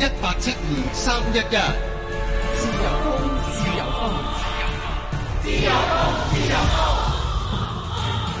一八七二三一一自自自，自由風，自由風，自由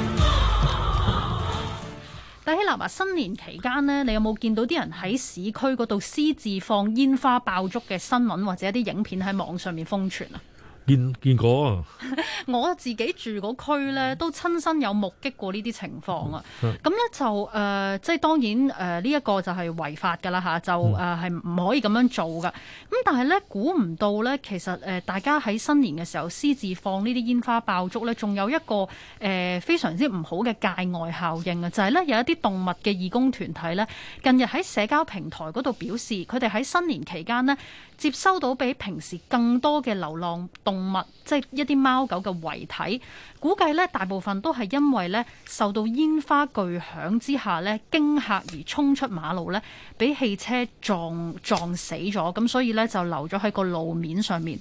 風，自由風。但喺農曆新年期間呢，你有冇見到啲人喺市區嗰度私自放煙花爆竹嘅新聞或者一啲影片喺網上面瘋傳啊？見見過、啊， 我自己住個區咧，都親身有目擊過呢啲情況啊。咁咧就誒、呃，即係當然誒，呢、呃、一、呢個就係違法噶啦嚇，就誒係唔可以咁樣做噶。咁但係咧，估唔到咧，其實誒大家喺新年嘅時候私自放呢啲煙花爆竹咧，仲有一個誒非常之唔好嘅界外效應啊，就係、係、咧有一啲動物嘅義工團體咧，近日喺社交平台嗰度表示，佢哋喺新年期間呢。接收到比平時更多嘅流浪動物，即係一啲貓狗嘅遺體，估計大部分都係因為受到煙花巨響之下咧驚嚇而衝出馬路咧，俾汽車撞撞死咗，咁所以就留咗喺個路面上面。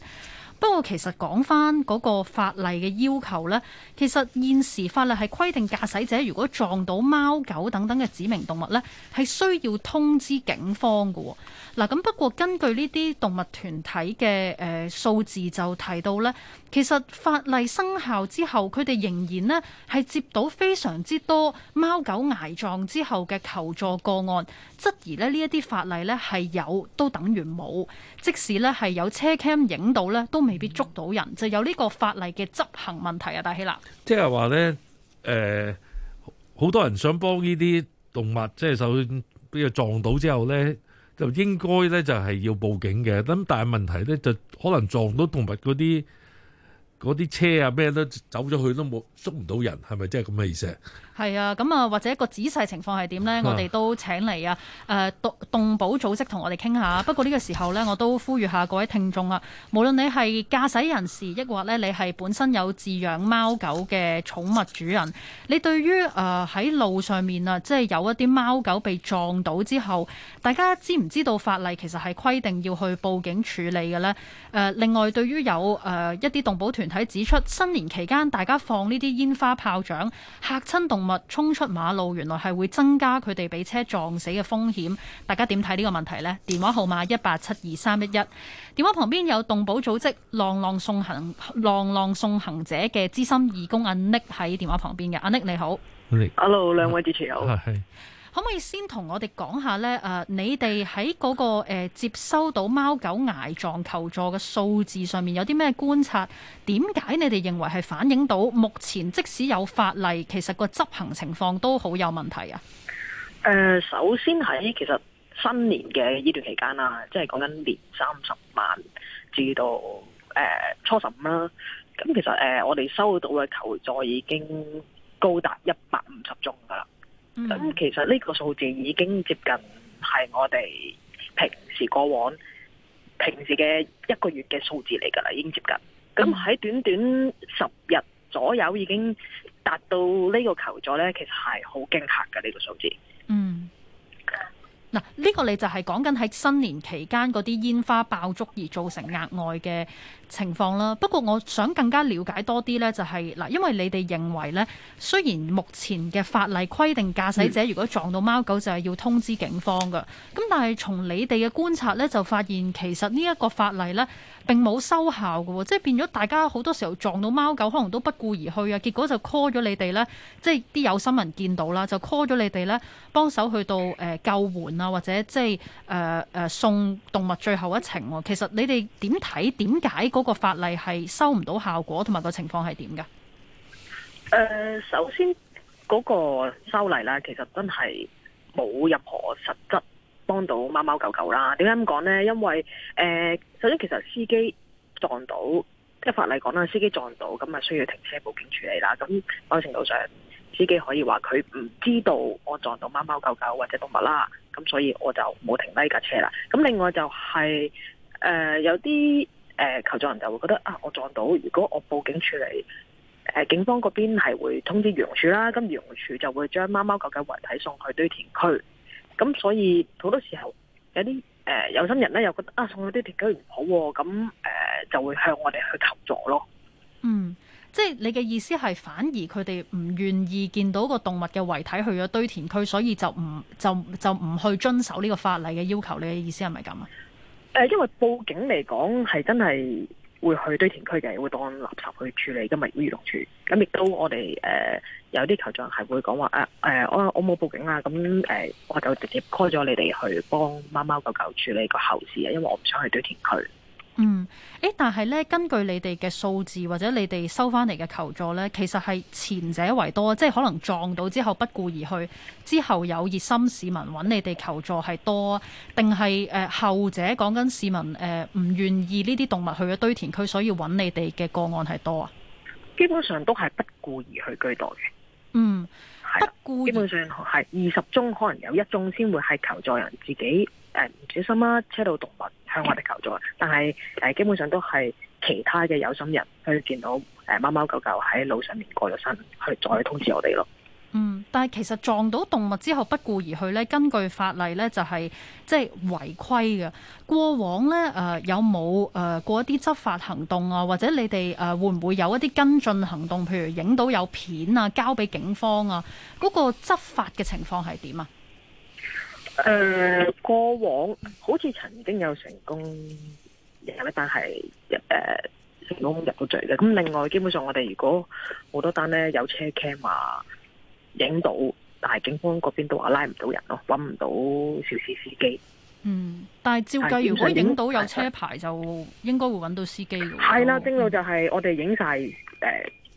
不過其實講翻嗰個法例嘅要求呢，其實現時法例係規定駕駛者，如果撞到貓狗等等嘅指明動物呢係需要通知警方嘅。嗱，咁不過根據呢啲動物團體嘅誒、呃、數字就提到呢，其實法例生效之後，佢哋仍然呢係接到非常之多貓狗捱撞之後嘅求助個案，質疑呢呢一啲法例呢係有都等於冇，即使呢係有車 cam 影到呢都。未必捉到人，就有呢個法例嘅執行問題啊。大希啦，即係話咧，誒、呃，好多人想幫呢啲動物，即係首先俾佢撞到之後咧，就應該咧就係要報警嘅。咁但係問題咧，就可能撞到動物嗰啲。嗰啲車啊，咩都走咗去都冇捉唔到人，係咪真係咁嘅意思？係啊，咁啊，或者一個仔細情況係點呢？我哋都請嚟啊，誒、呃、動保組織同我哋傾下。不過呢個時候呢，我都呼籲下各位聽眾啊，無論你係駕駛人士，抑或呢你係本身有飼養貓狗嘅寵物主人，你對於誒喺、呃、路上面啊，即係有一啲貓狗被撞到之後，大家知唔知道法例其實係規定要去報警處理嘅呢、呃？另外對於有、呃、一啲動保團。睇指出，新年期間大家放呢啲煙花炮仗，嚇親動物，衝出馬路，原來係會增加佢哋被車撞死嘅風險。大家點睇呢個問題呢？電話號碼一八七二三一一，電話旁邊有動保組織浪浪送行浪浪送行者嘅資深義工阿 Nic 喺電話旁邊嘅，阿 Nic 你好，你好，Hello，、啊、兩位主持人。啊。可唔可以先同我哋講下呢？誒，你哋喺嗰個誒、呃、接收到貓狗挨撞求助嘅數字上面有啲咩觀察？點解你哋認為係反映到目前即使有法例，其實個執行情況都好有問題啊？誒、呃，首先喺其實新年嘅呢段期間啦，即係講緊年三十晚至到誒、呃、初十五啦。咁其實誒、呃、我哋收到嘅求助已經高達一百五十宗噶啦。咁、嗯、其實呢個數字已經接近，係我哋平時過往平時嘅一個月嘅數字嚟㗎喇，已經接近。咁喺短短十日左右，已經達到呢個求助呢，其實係好驚嚇嘅呢個數字。嗱，呢個你就係講緊喺新年期間嗰啲煙花爆竹而造成額外嘅情況啦。不過，我想更加了解多啲呢，就係嗱，因為你哋認為呢，雖然目前嘅法例規定駕駛者如果撞到貓狗就係要通知警方㗎，咁但係從你哋嘅觀察呢，就發現其實呢一個法例呢並冇收效㗎喎，即係變咗大家好多時候撞到貓狗可能都不顧而去啊，結果就 call 咗你哋呢，即係啲有心人見到啦，就 call 咗你哋呢，幫手去到誒救援。啊，或者即係誒誒送動物最後一程，其實你哋點睇？點解嗰個法例係收唔到效果，同埋個情況係點嘅？誒、呃，首先嗰、嗰個修例咧，其實真係冇任何實質幫到貓貓狗狗啦。點解咁講呢？因為誒、呃，首先其實司機撞到，即係法例講啦，司機撞到咁啊，需要停車報警處理啦。咁某、那個、程度上，司機可以話佢唔知道我撞到貓貓狗狗或者動物啦，咁所以我就冇停低架車啦。咁另外就係、是、誒有啲誒求助人就會覺得啊我撞到，如果我報警處理，誒警方嗰邊係會通知漁農署啦，咁漁農署就會將貓貓狗狗遺體送去堆填區。咁所以好多時候有啲誒有心人咧又覺得啊送去堆填區唔好，咁誒就會向我哋去求助咯。嗯。即係你嘅意思係，反而佢哋唔願意見到個動物嘅遺體去咗堆填區，所以就唔就就唔去遵守呢個法例嘅要求，你嘅意思係咪咁啊？誒，因為報警嚟講係真係會去堆填區嘅，會當垃圾去處理噶嘛？漁農處咁亦都我哋誒、呃、有啲群眾係會講話啊，誒、呃，我我冇報警啊，咁誒、呃、我就直接 call 咗你哋去幫貓貓狗狗處理個後事啊，因為我唔想去堆填區。嗯，誒，但係咧，根據你哋嘅數字或者你哋收翻嚟嘅求助咧，其實係前者為多，即係可能撞到之後不顧而去，之後有熱心市民揾你哋求助係多啊，定係誒後者講緊市民誒唔願意呢啲動物去咗堆填區，所以揾你哋嘅個案係多啊？基本上都係不顧而去居多嘅，嗯。係啦，基本上係二十宗，可能有一宗先會係求助人自己誒唔小心啊，車到動物向我哋求助，但係誒基本上都係其他嘅有心人去見到誒貓貓狗狗喺路上面過咗身，去再去通知我哋咯。但係其實撞到動物之後不顧而去咧，根據法例咧就係即係違規嘅。過往咧誒、呃、有冇誒、呃、過一啲執法行動啊？或者你哋誒、呃、會唔會有一啲跟進行動？譬如影到有片啊，交俾警方啊？嗰、那個執法嘅情況係點啊？誒、呃，過往好似曾經有成功嘅，但係誒、呃、成功入罪嘅。咁另外，基本上我哋如果好多單咧有車 cam 啊。影到，但係警方嗰邊都話拉唔到人咯，搵唔到肇事司機。嗯，但係照計，如果影到有車牌，就應該會搵到司機。係啦，正路就係我哋影晒誒，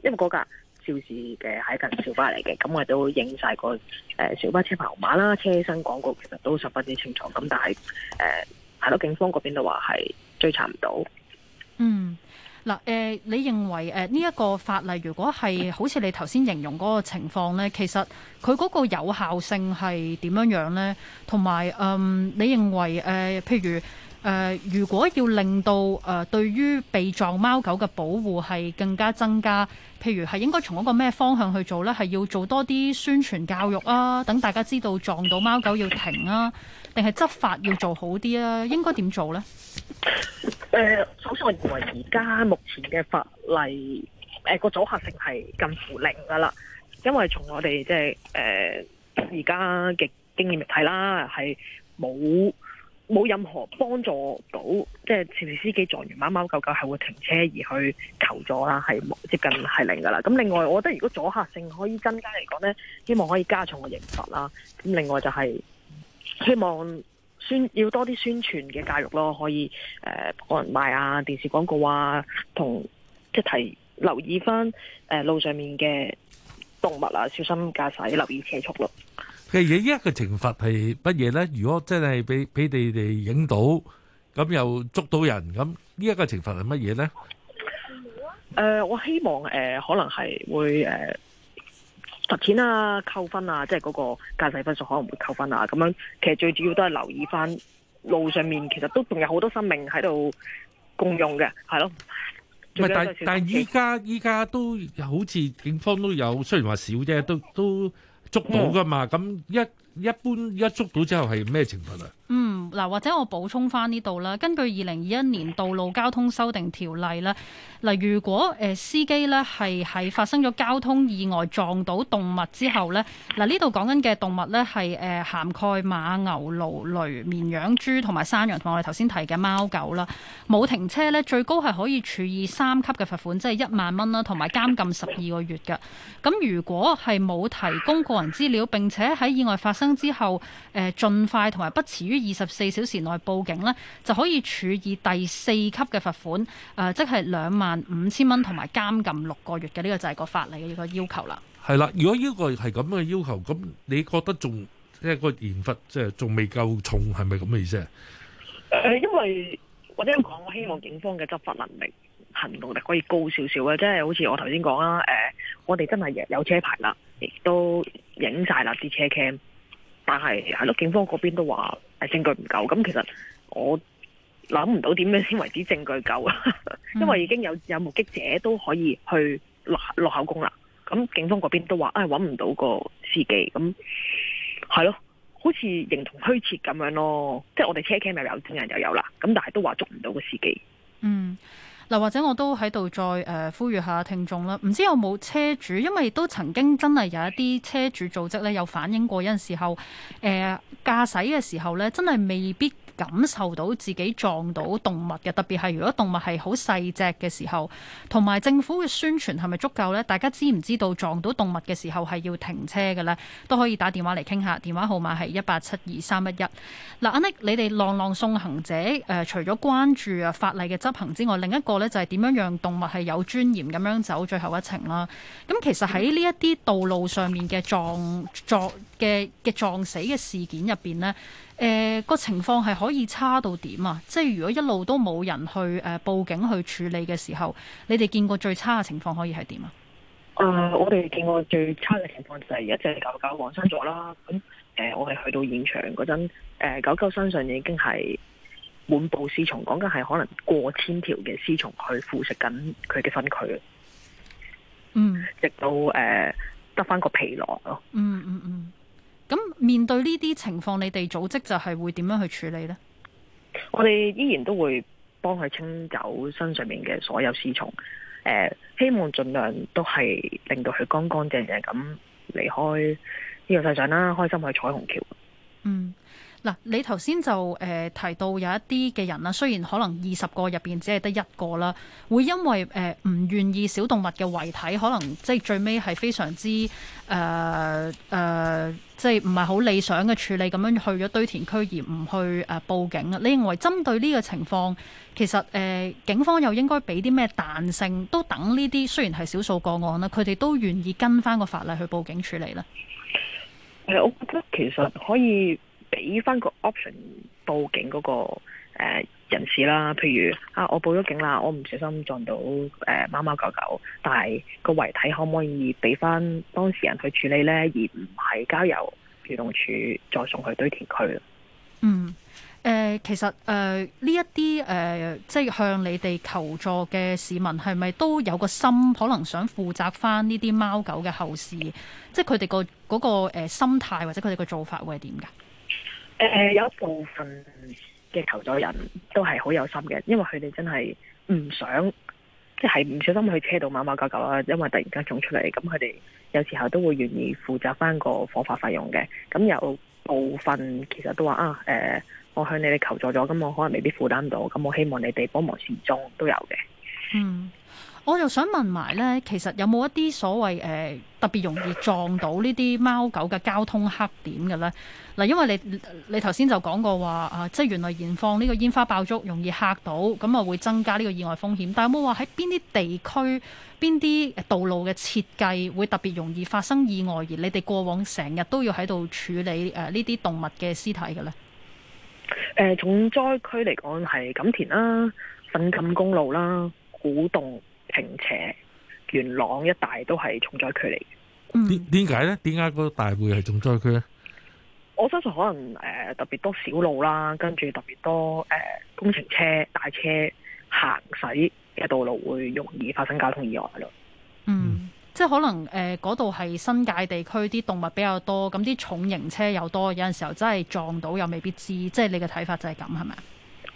因為嗰架肇事嘅喺近小巴嚟嘅，咁我哋都影晒個誒小、呃、巴車牌號碼啦、車身廣告，其實都十分之清楚。咁但係誒，係、呃、咯，警方嗰邊都話係追查唔到。嗯。嗱、呃，你認為誒呢一個法例如果係好似你頭先形容嗰個情況呢？其實佢嗰個有效性係點樣樣呢？同埋，嗯、呃，你認為誒、呃，譬如誒、呃，如果要令到誒、呃、對於被撞貓狗嘅保護係更加增加，譬如係應該從嗰個咩方向去做呢？係要做多啲宣傳教育啊，等大家知道撞到貓狗要停啊，定係執法要做好啲啊？應該點做呢？誒、呃，首先我認為而家目前嘅法例，誒個阻吓性係近乎零噶啦，因為從我哋即係誒而家嘅經驗嚟睇啦，係冇冇任何幫助到，即係肇事司機撞完貓貓狗狗係會停車而去求助啦，係接近係零噶啦。咁另外，我覺得如果阻吓性可以增加嚟講咧，希望可以加重個刑罰啦。咁另外就係希望。要多啲宣傳嘅教育咯，可以誒幫、呃、人賣啊，電視廣告啊，同即係提、留意翻誒、呃、路上面嘅動物啊，小心駕駛，留意車速咯。其實呢一個懲罰係乜嘢咧？如果真係俾俾你哋影到，咁又捉到人，咁呢一個懲罰係乜嘢咧？誒、呃，我希望誒、呃，可能係會誒。呃罰錢啊，扣分啊，即係嗰個駕駛分數可能會扣分啊，咁樣其實最主要都係留意翻路上面，其實都仲有好多生命喺度共用嘅，係咯。唔係，但但依家，依家都好似警方都有，雖然話少啫，都都捉到噶嘛。咁、嗯、一一般一捉到之後係咩情況啊？嗯，嗱，或者我補充翻呢度啦。根據二零二一年道路交通修訂條例咧，嗱，如果誒司機呢係喺發生咗交通意外撞到動物之後呢，嗱呢度講緊嘅動物呢係誒涵蓋馬、牛、驢、綿羊、豬同埋山羊，同埋我哋頭先提嘅貓狗啦，冇停車呢，最高係可以處以三級嘅罰款，即係一萬蚊啦，同埋監禁十二個月嘅。咁如果係冇提供個人資料並且喺意外發生之後誒，盡快同埋不遲於，二十四小時內報警咧，就可以處以第四級嘅罰款，誒、呃，即係兩萬五千蚊，同埋監禁六個月嘅呢，這個就係個法例嘅一個要求啦。係啦，如果呢個係咁嘅要求，咁你覺得仲即係個刑罰，即係仲未夠重，係咪咁嘅意思？誒、呃，因為或者咁講，我希望警方嘅執法能力、行動力可以高少少啦。即係好似我頭先講啦，誒、呃，我哋真係有車牌啦，亦都影晒啦啲車 cam，但係喺度，警方嗰邊都話。係證據唔夠，咁其實我諗唔到點樣先為之證據夠，嗯，因為已經有有目擊者都可以去落落口供啦。咁警方嗰邊都話啊，哎，揾唔到個司機，咁係咯，好似形同虛設咁樣咯。即係我哋車 cam 又有，證人又有啦。咁但係都話捉唔到個司機。嗯。嗱，或者我都喺度再誒呼籲下聽眾啦。唔知有冇車主？因為都曾經真係有一啲車主組織咧有反映過有陣時候誒駕駛嘅時候咧，真係未必。感受到自己撞到動物嘅，特別係如果動物係好細隻嘅時候，同埋政府嘅宣傳係咪足夠咧？大家知唔知道撞到動物嘅時候係要停車嘅咧？都可以打電話嚟傾下，電話號碼，係一八七二三一一。嗱、啊，阿 Nic，、啊、你哋浪浪送行者誒、呃，除咗關注啊法例嘅執行之外，另一個咧就係、是、點樣讓動物係有尊嚴咁樣走最後一程啦？咁、啊、其實喺呢一啲道路上面嘅撞撞。撞嘅嘅撞死嘅事件入邊呢，誒、呃、個情況係可以差到點啊？即係如果一路都冇人去誒、呃、報警去處理嘅時候，你哋見過最差嘅情況可以係點啊？誒、呃，我哋見過最差嘅情況就係一隻狗狗往生咗啦。咁誒、呃，我哋去到現場嗰陣，誒、呃、狗狗身上已經係滿布屍蟲，講緊係可能過千條嘅屍蟲去腐蝕緊佢嘅身軀嗯，直到誒得翻個皮囊咯。嗯嗯。面對呢啲情況，你哋組織就係會點樣去處理呢？我哋依然都會幫佢清走身上面嘅所有屍蟲，呃，希望盡量都係令到佢乾乾淨淨咁離開呢個世上啦，開心去彩虹橋。嗯。嗱，你頭先就誒提到有一啲嘅人啦，雖然可能二十個入邊只係得一個啦，會因為誒唔、呃、願意小動物嘅遺體可能即係最尾係非常之誒誒、呃呃，即係唔係好理想嘅處理咁樣去咗堆填區而唔去誒、呃、報警啦。你認為針對呢個情況，其實誒、呃、警方又應該俾啲咩彈性，都等呢啲雖然係少數個案啦，佢哋都願意跟翻個法例去報警處理呢？誒，我覺得其實可以。俾翻個 option 報警嗰、嗰個、呃、人士啦，譬如啊，我報咗警啦，我唔小心撞到誒、呃、貓貓狗狗，但係個遺體可唔可以俾翻當事人去處理咧？而唔係交由移動處再送去堆填區。嗯、呃，其實誒呢一啲誒，即係向你哋求助嘅市民，係咪都有個心可能想負責翻呢啲貓狗嘅後事？即係佢哋個嗰個、呃、心態或者佢哋嘅做法會係點㗎？誒、呃，有一部分嘅求助人都係好有心嘅，因為佢哋真係唔想，即係唔小心去車到馬馬狗狗啦，因為突然間撞出嚟，咁佢哋有時候都會願意負責翻個火化費用嘅。咁有部分其實都話啊，誒、呃，我向你哋求助咗，咁我可能未必負擔到，咁我希望你哋幫忙善終都有嘅。嗯。我又想問埋呢，其實有冇一啲所謂、呃、特別容易撞到呢啲貓狗嘅交通黑點嘅呢？嗱，因為你你頭先就講過話啊，即係原來燃放呢個煙花爆竹容易嚇到，咁啊會增加呢個意外風險。但係有冇話喺邊啲地區、邊啲道路嘅設計會特別容易發生意外，而你哋過往成日都要喺度處理呢啲、呃、動物嘅屍體嘅呢？誒、呃，重災區嚟講係錦田啦、啊、粉錦公路啦、啊、古洞。平元朗一帶都係重災區嚟嘅，點、嗯、解呢？點解嗰個大會係重災區呢？我相信可能誒、呃、特別多小路啦，跟住特別多誒、呃、工程車大車行駛嘅道路會容易發生交通意外咯、嗯。嗯，即係可能誒嗰度係新界地區啲動物比較多，咁啲重型車又多，有陣時候真係撞到又未必知，即、就、係、是、你嘅睇法就係咁係咪啊？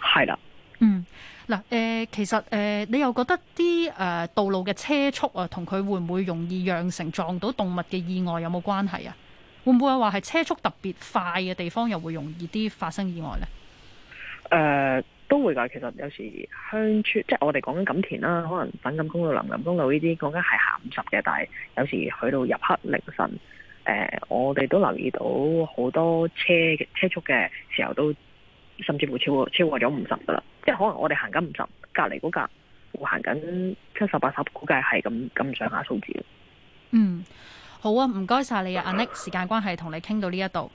係啦。是的嗯，嗱，誒，其實，誒、呃，你又覺得啲誒、呃、道路嘅車速啊，同佢會唔會容易釀成撞到動物嘅意外有冇關係啊？會唔會話係車速特別快嘅地方又會容易啲發生意外咧？誒、呃，都會噶。其實有時鄉村，即係我哋講緊錦田啦，可能粉錦公路、林錦公路呢啲講緊係下午嘅，但係有時去到入黑凌晨，誒、呃，我哋都留意到好多車嘅車速嘅時候都。甚至乎超過超過咗五十㗎喇，即係可能我哋行緊五十，隔離嗰格會行緊七十八十，估計係咁咁上下嘅數字嘅。嗯。好啊，唔該晒你,拜拜阿 Nic, 你啊，阿 Nic。時間關係，同你傾到呢一度。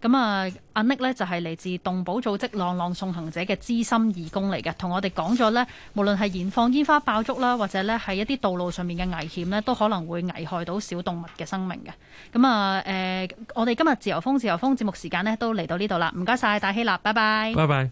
咁啊，阿 Nic 呢就係、是、嚟自動保組織浪浪送行者嘅資深義工嚟嘅，同我哋講咗呢，無論係燃放煙花爆竹啦，或者呢係一啲道路上面嘅危險呢，都可能會危害到小動物嘅生命嘅。咁啊，誒、呃，我哋今日自由風自由風節目時間呢，都嚟到呢度啦，唔該晒，大希啦拜拜，拜拜。